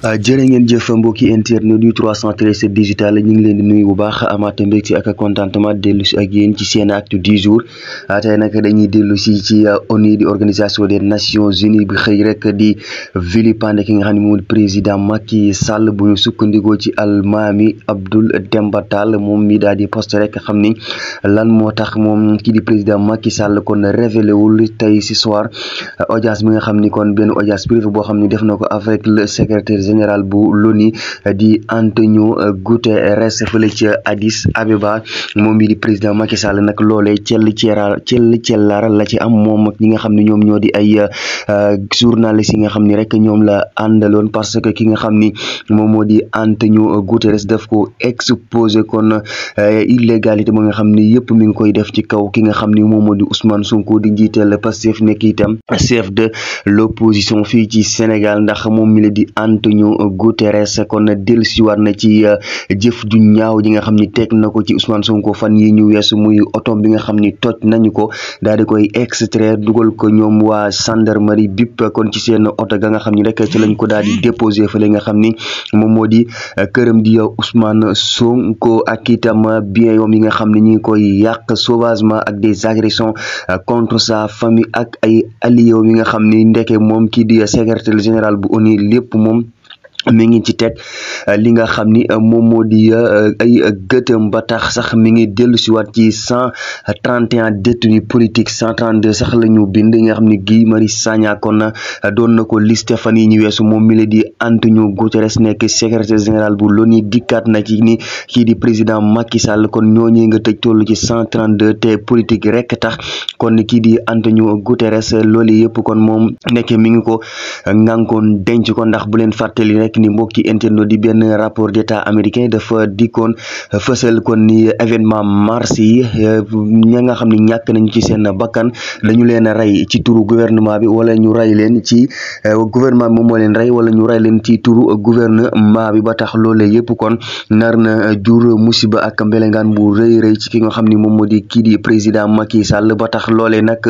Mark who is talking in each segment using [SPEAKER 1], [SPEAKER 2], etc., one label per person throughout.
[SPEAKER 1] Euh, jërë ngeen jëf mbokki internet yu 313 digital ñu ngi leen di nuyu bu baax amaat mbégte ak contentement dellu si ak yéen ci seen actu du jour euh, tey nag dañuy dellu si ci euh, oni di organisation des nations unies bi xëy rek di vilipande ki nga xam ne moom président Macky Sall bu ñu sukkandikoo ci almaami Abdoul Demba Tall moom mi daal di poste rek xam ni lan moo tax moom kii di président Macky Sall kon révélé wul tey si soir audience bi nga xam ni kon benn audience privée boo xam ni def na ko avec le secrétaire général bu l'ONU eh, di Antonio eh, Guterres fële ca Addis Abeba moom mi di président Macky Sall nag loolee cell ceera cell cellaar la ci am moom ak ñi nga xam ne ñoom ñoo di ay eh, journalistes yi nga xam ni rek ñoom la àndaloon parce que ki nga xam ni moom moo di Antonio Guterres def ko exposé kon illégalité ba nga xam ni yëpp mi ngi koy def ci kaw ki nga xam ni moom moo di Ousmane Sonko di njiital Pastef nekk itam chef de l'opposition fii ci Sénégal ndax moom mi la di Antonio ñu Guterres kon dellusiwaat na ci euh, jëf ju ñaaw ji nga xam ni teg na ko ci Ousmane Sonko fan yi ñu weesu muy otoom bi nga xam ni toj nañu ko daal di koy extraire dugal ko ñoom waa gendarmerie bip kon ci seen oto ga nga xam ni rek ci lañ ko daal di déposé fële nga xam ni moom moo di euh, këram di euh, Ousmane Sonko ak itam bien yoom yi nga xam ne ñu ngi koy yàq sauvagement ak des agressions contre sa famille ak ay alliés yi nga xam ni ndeke moom kii di secrétaire général bu oni lépp moom mi ngi ci teg euh, li nga xam ni euh, moom moo di euh, ay gëtëm ba tax sax mi ngi dellu siwaat ci cent trente et un détenus cent trente deux sax la ñu bind nga xam ni Guy Marius Sagna kon doon na ko liste fan yi ñu weesu moom mi la di Antonio Guterres nekk secrétaire général bu l'ONU dikkaat na ci ni kii di président Macky Sall kon ñooñu nga tëj tollu ci cent trente deux te politique rek tax kon kii di Antonio Guterres loolu yëpp kon moom nekk mi ngi ko ngankoon denc ko ndax bu leen fàttali nekk ni mbokki internet di benn rapport d'état américain dafa dikkoon fësal kon ni événement mars yi ña nga xam ne ñàkk nañu ci seen bakkan dañu leen rey ci turu gouvernement bi wala ñu rey leen ci euh, gouvernement bi moo leen rey wala ñu rey leen ci turu gouvernement bi ba tax loolee yëpp kon nar na jur musiba ak mbelengaan bu rëy rey ci ki nga xam ni moom moo di kii di président Macky Sall ba tax loolee nag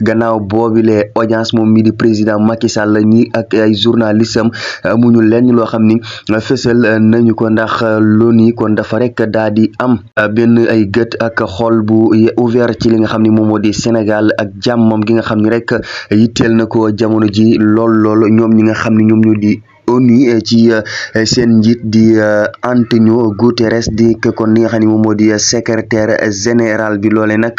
[SPEAKER 1] gannaaw boobile audience moom mi di président Macky Sall ñi ak ay journalistam amuñu nañu loo xam ni euh, fësal euh, nañu ko ndax euh, loni kon dafa rek daa di am benn ay gët ak xool bu ouvert ci li nga xam ni moom moo di Sénégal ak jàmmam gi nga xam ni rek yitteel na ko jamono ji lool lool ñoom ñi nga xam ni ñoom ñoo di ONU eh, ci eh, seen njiit di eh, Antonio Guterres di kon li nga xam ne moom moo di secrétaire général bi loole nag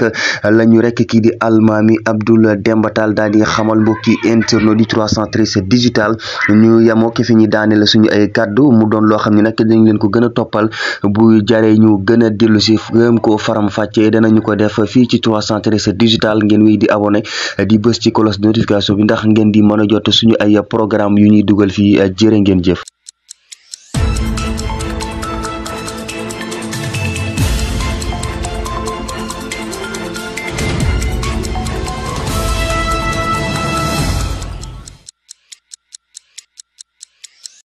[SPEAKER 1] lañu ñu rek kii di almaami Abdoul dembatal Tall daal di xamal mbokki internaute di 313 digital ñu yemoo ki fi ñu daane suñu ay kaddu mu doon loo xam ne nag dañ leen ko gën a toppal bu jaree ñu gën a dellu si gëm ko faram fàccee danañu ko def fii ci 313 digital ngeen wéy di abonné di bës ci cloche de notification bi ndax ngeen di mën a jot suñu ay programme yu ñuy dugal jërë ngeen jëf